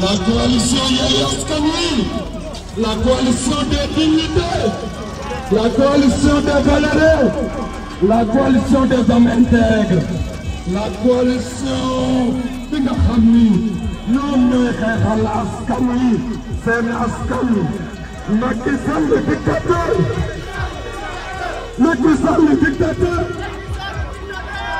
la coalition de Askan la coalition des dignités la coalition des valeureux la coalition des hommes intègres la coalition des nous nous ne pas ñooy c'est c'est wi Nous sommes les le dictateur sommes les dictateur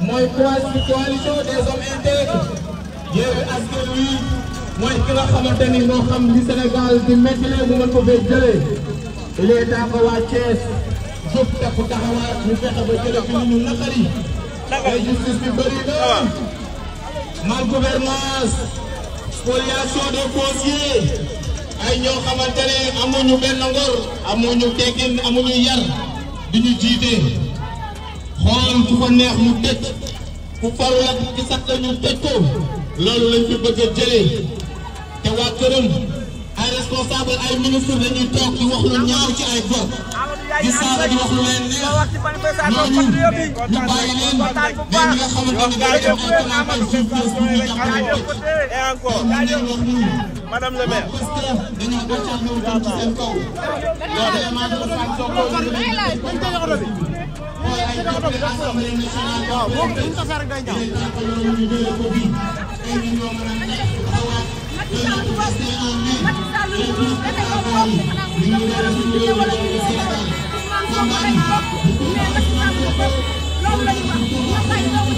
mooy coalition des hommes intègres Yewwi Askan Wi mooy ki nga xamante ni moo xam li Sénégal di méttilee mu ko fee jëlee il est temps que waa Thiès jóg takku taxawaat ñu fexe ba jëlee fi ñu naqari ay justice bi bëri na ah. mal gouvernance spoliation des fonciers ay ñoo xamante amuñu benn ngor amuñu teggin amuñu yar di ñu jiite xool ku ko neex mu tëj ku faru la ci sax ñu tëj ko loolu lañ fi bëgg a jëlee te waa këram ay responsable ay ministre dañuy toog di wax lu ñaaw ci ay bopp di saaga di wax lu leen neex ñooñu ñu bàyyi leen mais ñi nga xamante ni dañuy def ay commentaires sur Facebook ñu jàpp tëj te mën leen wax nii madame le maire parce que waaw moom bu ñu tasee rek day ñaaw. loolu la ñu wax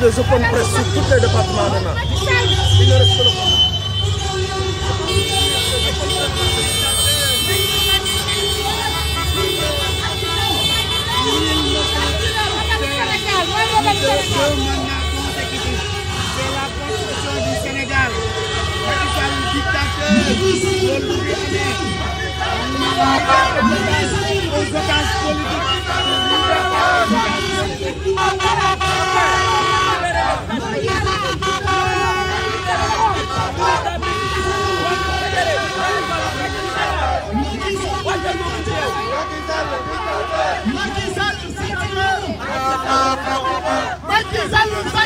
des open press sur tous les départements maintenant.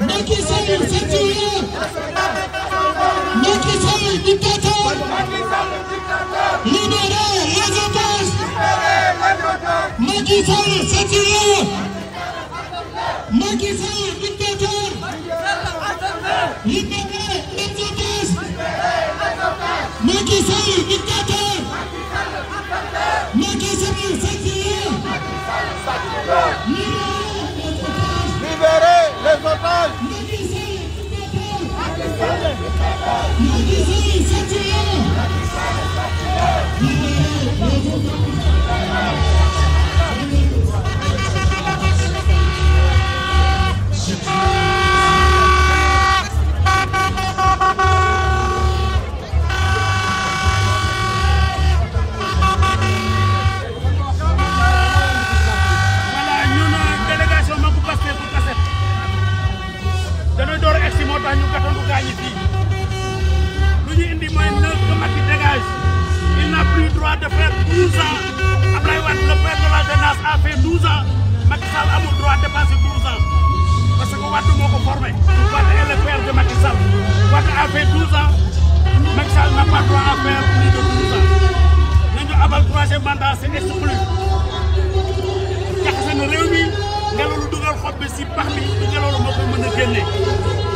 Macky Sall seçiyor. Macky Sall diktatör. Liberal Recep Macky Sall seçiyor. Macky Sall diktatör. Liberal Recep Macky Sall moo tax ñu gàttandu gaañ yi fii lu ñu indi mooy na que dégage il n'a plus droit de faire 12 ans Ablaye Wade le père de la jeunesse a fait 12 ans Macky Sall amul droit passer 12 ans parce que Wade moo ko formé Wade est le père de Macky Sall Wade a fait 12 ans Macky Sall n'a pas droit à faire plus de 12 ans nañu abal troisième mandat c'est exclu jaxase na réew mi ngelaw dugal xob bi si pax mi du ngelaw la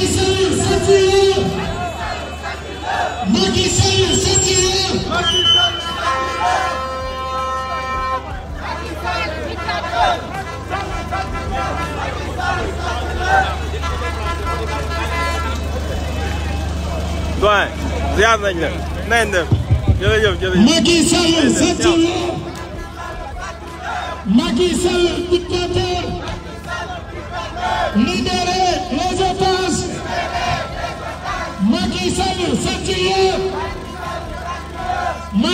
Macky Sall satıyor. Macky Sall satıyor. Doğan, ziyadına Ne indim? Geliyorum, geliyorum. Macky Sall satıyor. Macky Sall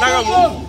Nagamu.